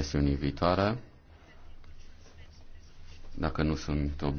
sesiunii viitoare. Dacă nu sunt obi